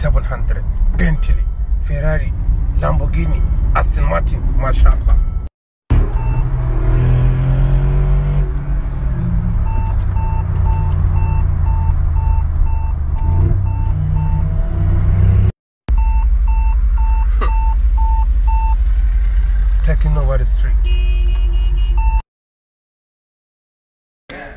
700, Bentley, Ferrari, Lamborghini, Aston Martin, mashallah. Hmm. Taking over the street. Yeah.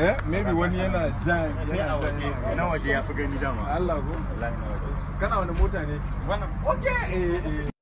eh maybe wani yana jan yana waje na waje ya fi gani dama Allah ko wallahi na waje kana wani mota ne wannan okay eh eh